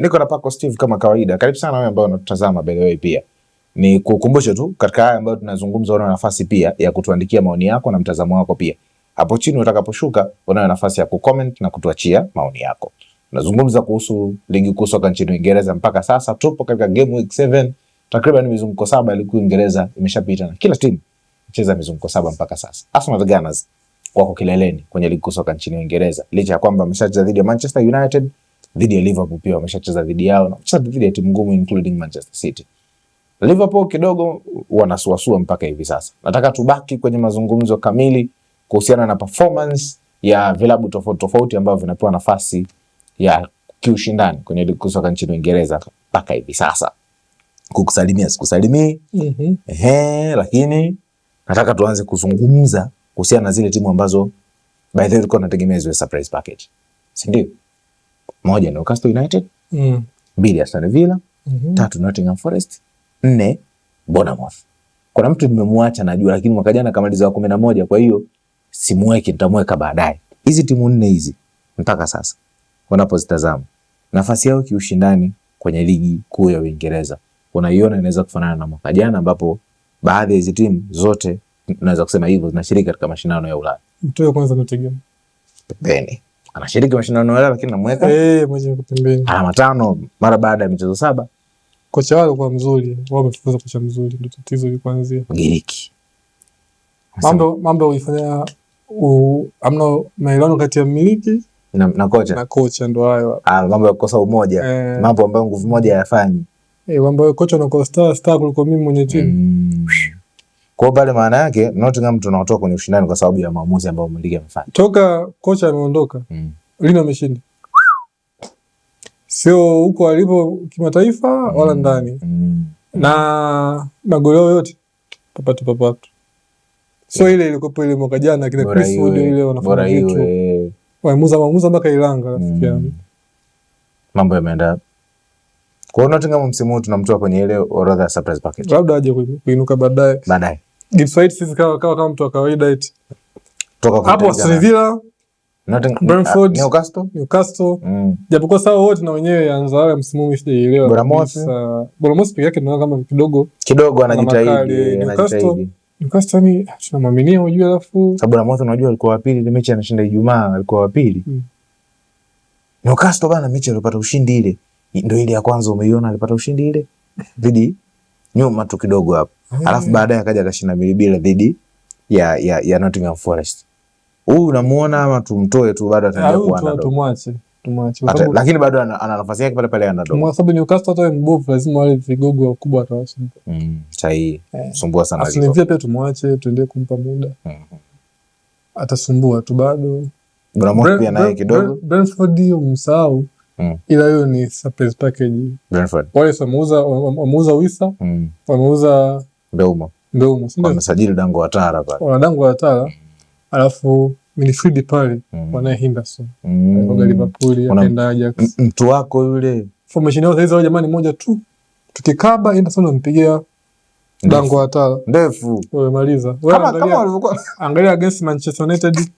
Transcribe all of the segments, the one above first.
Niko na Pako Steve kama kawaida. Karibu sana wewe ambao unatutazama by the way pia. Ni kukumbusha tu katika haya ambayo tunazungumza una nafasi pia ya kutuandikia maoni yako na mtazamo wako pia. Hapo chini utakaposhuka unayo nafasi ya kucomment na kutuachia maoni yako. Tunazungumza kuhusu ligi kuu soka nchini Uingereza mpaka sasa tupo katika game week 7. Takriban mizunguko saba ya ligi kuu Uingereza imeshapita na kila timu cheza mizunguko saba mpaka sasa. Arsenal the Gunners wako kileleni kwenye ligi kuu soka nchini Uingereza. Licha ya kwamba wameshacheza dhidi ya Manchester United dhidi ya Liverpool pia wameshacheza dhidi yao na wamecheza dhidi ya timu ngumu including Manchester City. Liverpool kidogo wanasuasua mpaka hivi sasa. Nataka tubaki kwenye mazungumzo kamili kuhusiana na performance ya vilabu tofauti tofauti ambavyo vinapewa nafasi ya kiushindani kwenye ligi kuu soka nchini Uingereza mpaka hivi sasa. Kukusalimia sikusalimii. mm -hmm. Ehe, lakini nataka tuanze kuzungumza kuhusiana na zile timu ambazo by the way tulikuwa tunategemea ziwe surprise package, si ndio? moja Newcastle United mm. mbili Aston Villa mm -hmm. tatu Nottingham Forest nne Bournemouth. Kuna mtu nimemwacha najua, lakini mwaka jana kamaliza kumi na moja, kwa hiyo simweki, nitamweka baadaye. Hizi timu nne hizi mpaka sasa unapozitazama nafasi yao kiushindani kwenye ligi kuu ya Uingereza unaiona inaweza kufanana na mwaka jana, ambapo baadhi ya hizi timu zote tunaweza kusema hivyo zinashiriki katika mashindano ya Ulaya. Mtu wa kwanza Nottingham Pepeni anashiriki mashindano yale, lakini namweka eh moja pembeni, alama tano mara baada ya michezo saba. Kocha wao kwa mzuri, wao wamefukuza kocha mzuri, ndio tatizo lilianzia Giriki. Mambo mambo ulifanya amna maelewano kati ya mmiliki na, na kocha na kocha, ndo hayo ah, mambo ya kukosa umoja eh, mambo ambayo nguvu moja hayafanyi eh, mambo ya kocha na kosta star kuliko mimi mwenye timu mm. Kwa pale maana yake Nottingham tunatoka kwenye ushindani kwa sababu ya maamuzi ambayo Mlige amefanya. Toka kocha ameondoka. Mm. Lina ameshinda. Sio huko alipo kimataifa mm. wala ndani. Mm. Na magoli yote papatu papatu. Sio yeah. Ile ilikuwa ile mwaka jana kile Chris Wood ile wanafanya kitu. Waamuza waamuza mpaka Ilanga rafiki mm. yangu. Mm. Mambo yameenda kwa hiyo Nottingham msimu huu tunamtoa kwenye ile orodha ya surprise package. Labda aje kuinuka baadaye. Baadaye. Gipsweit sisi kama kama mtu wa kawaida eti hapo Aston Villa, ah, Brentford, Newcastle, Newcastle. Mm. Japokuwa sawa wote na wenyewe anza wale msimu mimi sijaelewa. Bournemouth. Uh, Bournemouth yake kama kidogo kidogo anajitahidi, anajitahidi. Newcastle ni ah, unajua, alafu sababu unajua alikuwa ile mechi anashinda Ijumaa alikuwa Mm. Newcastle bana mechi alipata ushindi ile. Ndio ile ya kwanza umeiona alipata ushindi ile. Dhidi nyuma tu kidogo hapo mm. Alafu baadaye akaja akashinda mbili bila dhidi ya, ya, ya Nottingham Forest. Huyu unamuona ama tumtoe tu bado ataendelea kuwa na tumwache tumwache, lakini bado ana nafasi yake pale pale anadogo, kwa sababu Newcastle hata mbovu lazima wale vigogo wakubwa atawasumbua. Mm, sahihi eh, sumbua sana lakini pia pia, tumwache tuendelee kumpa muda mm Atasumbua tu bado. Bournemouth pia naye kidogo, Brentford hiyo msahau mm. ila hiyo ni surprise package. Brentford wale wameuza wameuza Wisa mm. wameuza Mbeumo Mbeumo, sasa wamesajili dango wa Tara pale, wana dango wa Tara mm. alafu Minifridi pale mm. wanaye Henderson mm. kwa Liverpool akaenda Ajax, mtu wako yule. Formation yao sasa jamani, moja tu tukikaba Henderson ampigia dango wa Tara ndefu, wewe maliza wewe, angalia against Manchester United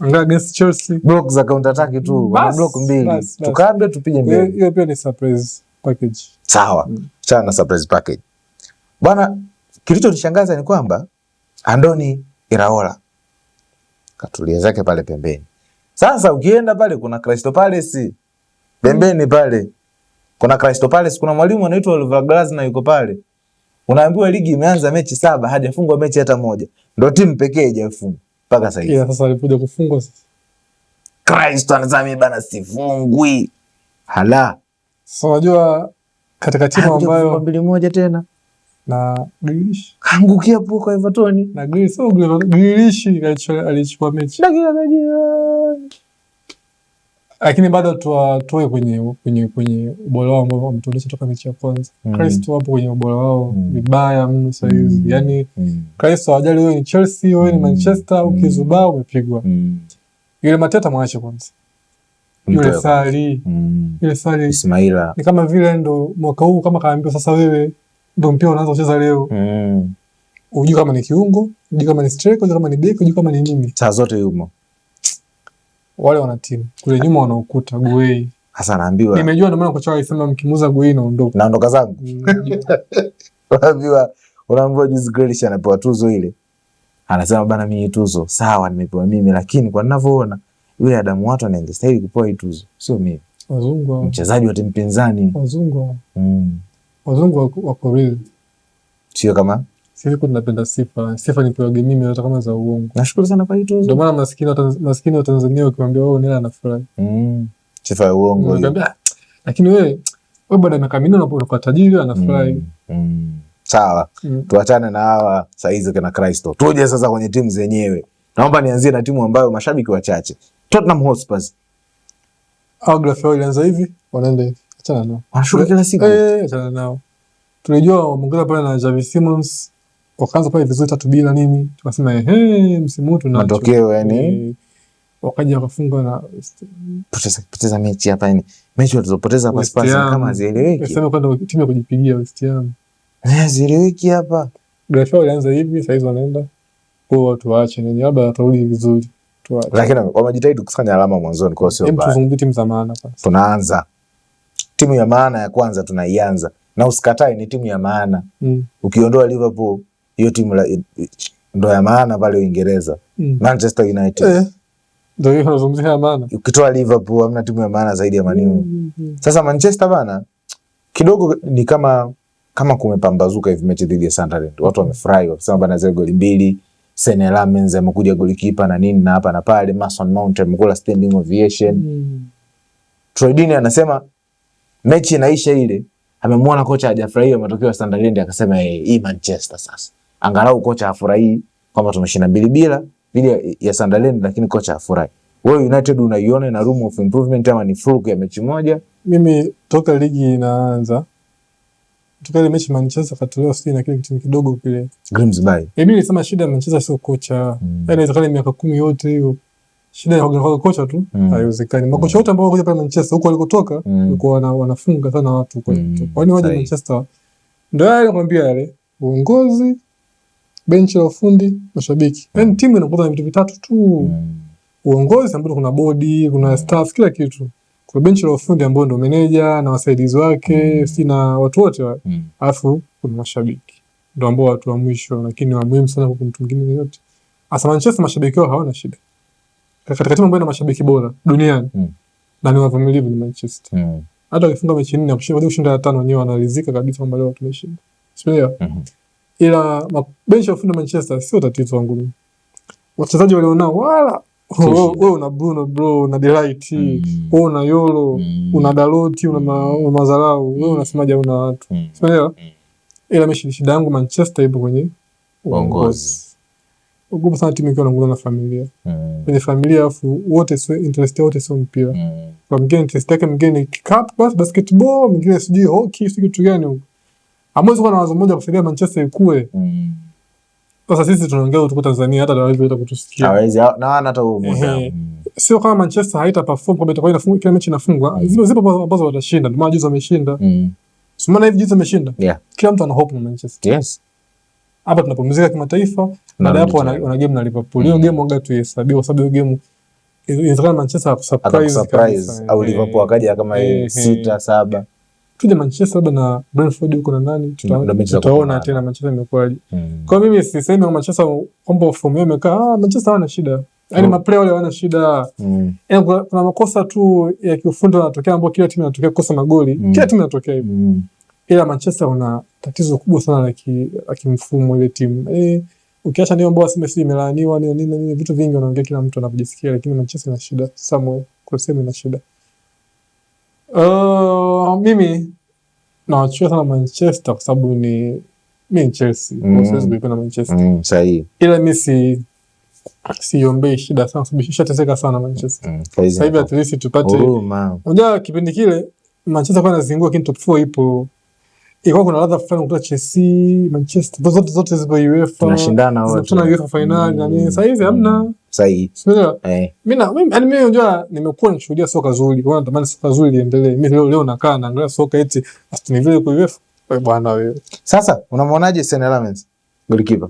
against Chelsea block za counter attack tu, wana block mbili, tukambe tupige mbili. Hiyo pia ni surprise package. Sawa mm. surprise package bwana. Kilichonishangaza ni kwamba Andoni Iraola katulia zake pale pembeni. Sasa ukienda pale kuna Crystal Palace pembeni mm. pale kuna Crystal Palace, kuna mwalimu anaitwa Oliver Glasner yuko pale, unaambiwa ligi imeanza mechi saba hajafungwa mechi hata moja, ndio timu pekee haijafunga mpaka sasa hivi. Sasa alikuja kufungwa sasa. Kristo anasema mimi bana sifungwi. Hala. Sasa unajua katika timu ambayo mbili moja tena na Grealish kaangukia hapo Everton na Grealish, so Grealish alichukua mechi. Dakika lakini bado uh, tuwatoe kwenye kwenye kwenye ubora wao ambao wametuonyesha toka mechi ya kwanza. Kristo mm. wapo kwenye ubora wao mm. vibaya mno saa hizi, mm. yani Kristo hawajali wewe ni Chelsea, wewe ni Manchester, ukizubaa umepigwa. Yule Mateta mwache kwanza, yule Sari, yule Sari Ismaila ni kama vile ndo mwaka huu kama kaambiwa sasa, wewe ndo mpira unaanza kucheza leo mm. Ujui kama ni kiungo, ujui kama ni striker, ujui kama ni beki, ujui kama ni nini, taa zote yumo wale wana timu kule nyuma wanaokuta Guei. Sasa naambiwa nimejua, ndio maana kocha alisema mkimuza Guei naondoka, naondoka zangu mm. unaambiwa unaambiwa juzi Grealish anapewa tuzo ile, anasema bana, mimi tuzo sawa nimepewa mimi, lakini kwa ninavyoona yule Adamu watu anastahili kupewa hii tuzo, sio mimi. Wazungu mchezaji wa timu pinzani, wazungu mm. wazungu wako real, sio kama sisi Siku tunapenda sifa, sifa nipewaga mimi hata kama za uongo. Nashukuru sana kwa hiyo. tuzo. Ndio maana maskini maskini wa Tanzania ukimwambia wewe nila anafurahi. Mm. Sifa ya uongo. Unaambia lakini wewe wewe bado miaka minne unapokuwa tajiri anafurahi. Mm. Mm. Sawa. Mm. Tuachane na hawa hizo kina Kristo. Tuje sasa kwenye timu zenyewe. Naomba nianzie na timu ambayo mashabiki wachache. Tottenham Hotspur. Au grafiki ilianza hivi, wanaenda hivi. Achana nao. Wanashuka kila siku. Eh, achana nao. Tunajua wameongeza pale na Javi Simons wakaanza pale vizuri tatu bila nini, tukasema ehe, msimu huu tuna matokeo yani, eh, wakaja wakafunga na poteza poteza mechi hapa yani, mechi walizopoteza hapa Spurs kama zieleweki, sema kwenda timu ya kujipigia West Ham eh, zieleweki hapa. Grafia walianza hivi, sasa hizo wanaenda kwa watu waache nini, labda atarudi vizuri lakini wamejitahidi kusanya alama mwanzoni, kwa sio mbaya. Tuzungumzie timu za maana kwanza. Tunaanza timu ya maana ya kwanza tunaianza, na usikatae ni timu ya maana mm. Ukiondoa Liverpool hiyo timu la ndo ya maana pale Uingereza mm. Manchester United eh. Ndio hiyo nazungumzia ya maana. Ukitoa Liverpool hamna timu ya maana zaidi ya Man U. Mm -hmm. Sasa Manchester bana kidogo ni kama kama kumepambazuka hivi mechi dhidi ya Sunderland. Watu wamefurahi wakisema bana zile goli mbili, Senne Lammens amekuja golikipa na nini na hapa na pale, Mason Mount amekula standing ovation. Mm. Troy Deeney anasema mechi inaisha ile. Amemwona kocha hajafurahia matokeo ya Sunderland akasema, hey, eh, hii Manchester sasa angalau kocha afurahi kwamba tumeshinda mbili bila dhidi ya Sunderland, lakini kocha afurahi. Wewe United unaiona na room of improvement ama ni fluke ya mechi moja? Mimi toka ligi inaanza toka ile mechi Manchester katolewa sisi na kile kitu kidogo kile Grimsby. Mimi nilisema shida ya Manchester sio kocha. Mm. Yaani zikali miaka kumi yote hiyo shida ya kwa kocha tu mm. haiwezekani. Makocha wote ambao wako pale Manchester huko walikotoka mm. walikuwa wana, wanafunga sana watu huko. Mm. Kwani waje Manchester ndio yale nakwambia yale uongozi benchi la ufundi, mashabiki. Yani timu inakuwa na vitu vitatu tu. Hmm. Uongozi ambao kuna bodi, kuna staff, kila kitu. Kuna benchi la ufundi ambao ndio meneja na wasaidizi wake, hmm. si na watu wote wale. Hmm. Alafu kuna mashabiki. Ndio ambao watu wa mwisho, lakini wa muhimu sana kwa mtu mwingine yote. Asa Manchester mashabiki wao hawana shida. Katika timu ambayo ina mashabiki bora duniani. Na ni wavumilivu ni Manchester. Hata wakifunga mechi nne na tano wenyewe wanaridhika kabisa kwamba leo tumeshinda. Sio? ila benchi ya ufundi Manchester sio tatizo wangu. Wachezaji walionao wala wewe una Bruno bro, una Delight, mm. wewe una Yolo, mm. una Daloti una Mazarau, wewe unasemaje una watu. Unaelewa? Mm. Ila mimi shida yangu Manchester ipo kwenye uongozi. Ugumu sana timu ikiwa na na familia. Kwenye familia afu wote sio interest wote sio mpira. Kwa mgeni interest yake mgeni kikapu basi basketball, mgeni sijui hockey, sijui kitu gani huko. Hamwezi kuwa na wazo moja kusaidia Manchester ikue. Mm. Sasa sisi tunaongea kutoka Tanzania hata dawa hizo kutusikia. Hawezi na hata huo muda. Mm. Sio kama Manchester haita perform kwamba itakuwa inafungwa kila mechi inafungwa. Mm. Zipo zipo ambazo watashinda. Ndio maana juzi wameshinda. Simona hivi juzi wameshinda. Kila mtu ana hope na Manchester. Yes. Hapa tunapumzika kimataifa, baada hapo wana game na Liverpool. mm. Hiyo game waga tuhesabiwa sababu hiyo game inawezekana Manchester surprise au Liverpool akaja kama 6 7 tuje Manchester labda na Brentford huko na nani, tutaona tena Manchester imekuwaje. Mm. Kwa mimi sisemi kwa Manchester kwamba fomu yao imekaa, ah, Manchester hawana shida yaani mm. maplaya wale hawana shida mm. Yaani kuna, kuna makosa tu ya kiufundi yanatokea ambao kila timu inatokea kukosa magoli mm. Kila timu inatokea hivyo mm. Ila Manchester una tatizo kubwa sana la kimfumo ile timu e, ukiacha ndio ambao wasema si imelaaniwa nini nini, vitu vingi wanaongea, kila mtu anapojisikia, lakini Manchester ina shida somewhere, kuna sehemu ina shida. Uh, mimi nawachukua sana Manchester kwa sababu ni mi Chelsea mm. siwezi kuipenda Manchester mm, ila mi si siombei shida sana sababu sana Manchester mm, sasa at least tupate. Unajua kipindi kile Manchester kwa nazingua, lakini top ipo ilikuwa kuna ladha fulani kutoka Chelsea, Manchester, zote zote zipo UEFA, tunashindana wote, tuna UEFA final mm. na nini. Sasa hizi hamna sahihi, Mimi na mimi, unajua, nimekuwa nishuhudia soka zuri, kwa natamani soka zuri liendelee. Mimi leo leo nakaa naangalia soka eti Aston Villa kwa UEFA, wewe bwana wewe. Sasa unamwonaje Lammens goalkeeper?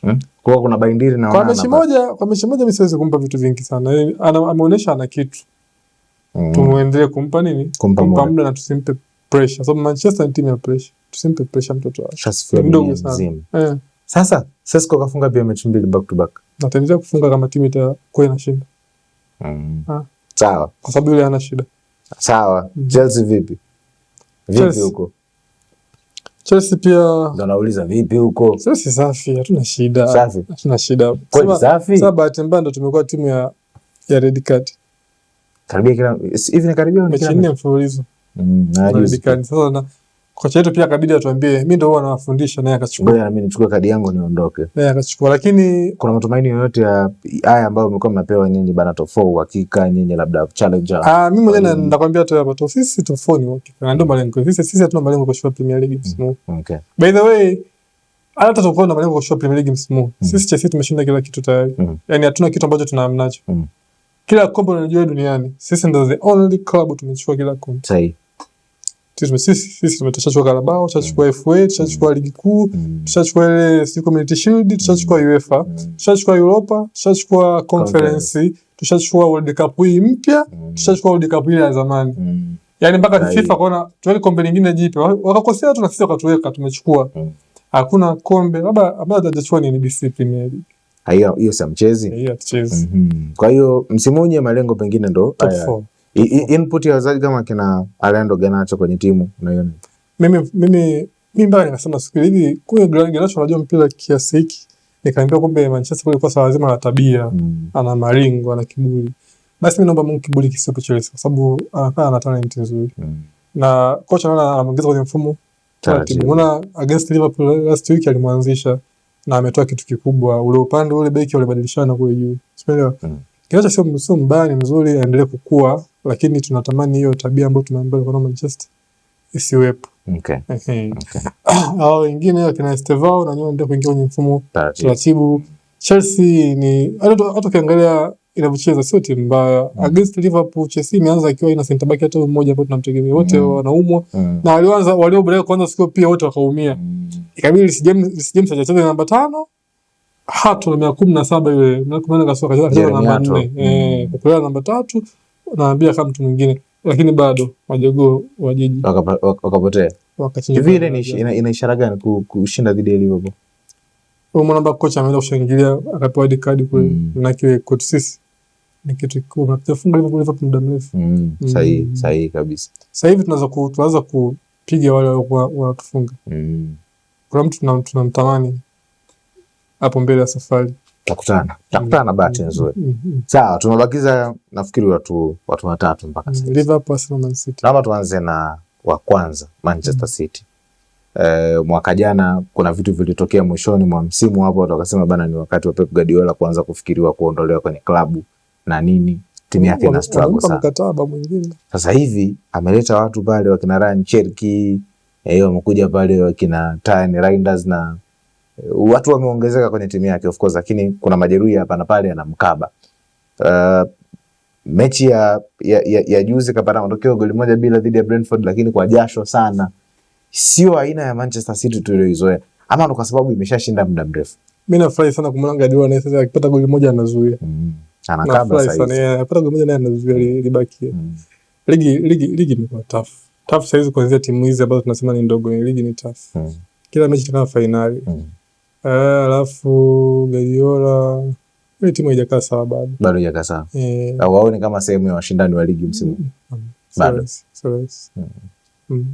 Hmm? Kwa kuna na kwa mechi moja, kwa mechi moja mimi siwezi kumpa vitu vingi sana, ameonyesha ana kitu mm. Tumuendelee kumpa nini, kumpa muda na tusimpe pressure, sababu Manchester ni timu ya pressure. Tusimpe pressure mtoto wake mdogo sana. Eh. Sasa Sesco kafunga pia mechi mbili back to back, nataendelea kufunga kama timu itakuwa inashinda. Mm. Ah. Sawa, kwa sababu yule hana shida. Sawa. Mm. Chelsea vipi vipi huko? Chelsea pia ndo nauliza vipi huko? Chelsea safi, hatuna shida. Safi. Hatuna shida. Kweli safi. Sasa bahati mbaya ndo tumekuwa timu ya ya red card. Karibia kila hivi ni karibia mechi mfululizo Mm, sasa kocha pia kabidi atuambie, huwa nawafundisha, naye akachukua, nichukue kadi yangu niondoke, akachukua. Lakini kuna matumaini yoyote ya haya ambayo mlikuwa mnapewa nyinyi bana, tofo uhakika nyinyi, labda challenger? Ah, mwenyewe tu hapa sisi ni uhakika, malengo sisi. Sisi hatuna malengo Premier League msimu. Mm, okay, by the way, hata tutakuwa na malengo Premier League msimu. Mm. Sisi Chelsea tumeshinda kila kitu tayari, yani hatuna kitu ambacho Kila kombe unajua duniani, sisi the only club tumechukua kila kombe. Sahihi sisi tumeshachukua Carabao, tushachukua mm. FA, tushachukua ligi kuu, mm. tushachukua ile Community Shield, tushachukua mm. UEFA, tushachukua Europa, tushachukua Conference, tushachukua World Cup hii mpya, tushachukua World Cup ile ya zamani. Yaani mpaka FIFA tuweke kombe lingine jipya. Wakakosea tu na sisi wakatuweka tumechukua. Hakuna kombe labda ambayo hajachukua ni NBC Premier League. Hiyo si mchezi. Mhm. Kwa hiyo msimu wenyewe malengo pengine ndo input ya wazazi kama kina Alendo Ganacho kwenye timu unaiona? Mimi mimi mimi bado nimesema siku hivi kwa Ganacho anajua mpira kiasi hiki, nikaambia kumbe Manchester kule kwa sababu lazima ana tabia, mm. ana maringo, ana kiburi. Basi mimi naomba Mungu kiburi kisipo Chelsea kwa sababu anakaa ana talent nzuri. mm. Na kocha anaona anaongeza kwenye mfumo. taratibu. Unaona against Liverpool last week alimwanzisha na ametoa kitu kikubwa. Ule upande ule beki walibadilishana kule juu. Umeelewa? Ganacho mm. sio mbaya, ni mzuri, aendelee kukua lakini tunatamani hiyo tabia ambayo tunaambia kwa Manchester isiwepo. Okay. Okay. Okay. Hao wengine wakina Estevao na nyuma ndio kuingia kwenye mfumo taratibu. Chelsea ni hata ukiangalia inavyocheza sio timu mbaya. Mm. Against Liverpool Chelsea imeanza ikiwa ina center back hata mmoja ambao tunamtegemea wote mm. wanaumwa mm. na walioanza walio bila kwanza siku pia wote wakaumia. Mm. Ikabidi James James hajacheza namba tano hatu na miaka kumi na saba yule miaka kumi na nane kasoro kacheza namba nne eh mm. kupewa namba tatu naambia kama mtu mwingine, lakini bado majogoo wa jiji wakapotea. Hivi ile ina ishara gani kushinda dhidi ya Liverpool? Huyo mwanamba kocha ameenda kushangilia akapewa hadi kadi kule, manake mm. kwetu sisi ni kitu kikubwa. na Tutafunga Liverpool kwa muda mrefu. Mm. Mm. Sahihi, sahihi kabisa. Sasa hivi tunaweza ku tuanza kupiga wale waliokuwa wanatufunga. Kuna mtu tunamtamani hapo mbele ya safari Takutana, mm-hmm. takutana bahati nzuri. Mm-hmm. Sawa, tumebakiza nafikiri watu watu watatu mpaka mm-hmm. sasa. Liverpool, Arsenal, Man City. Naomba tuanze na wa kwanza Manchester mm -hmm. City. E, mwaka jana kuna vitu vilitokea mwishoni mwa msimu hapo, watu wakasema bana, ni wakati wa Pep Guardiola kuanza kufikiriwa kuondolewa kwenye klabu na nini, timu yake ina struggle sana. Mkataba mwingine sasa hivi ameleta watu pale wakina Ryan Cherki, eh, wamekuja pale wakina Tyan Reinders na Eh, watu wameongezeka kwenye timu yake of course, lakini kuna majeruhi hapa na pale yanamkaba. Uh, eh, mechi ya, ya, ya, ya juzi kapata matokeo goli moja bila dhidi ya Brentford, lakini kwa jasho sana. Sio aina ya Manchester City tuliyoizoea, ama kwa sababu imeshashinda muda mrefu. Mimi nafurahi sana kumlanga Diwa na sasa akipata goli moja anazuia. Mm. Anakaba sasa hivi. Anapata goli moja naye anazuia libaki. Mm. Ligi ligi ligi ni kwa tough. Tough sasa hizi kuanzia timu hizi ambazo tunasema ni ndogo, ligi ni tough. Mm. Kila mechi kama finali. Mm. Eh, alafu Guardiola ile timu haijakaa sawa bado. Bado haijakaa sawa. Eh. Au waone kama sehemu ya washindani wa ligi msimu. Mm, mm, mm. Bado.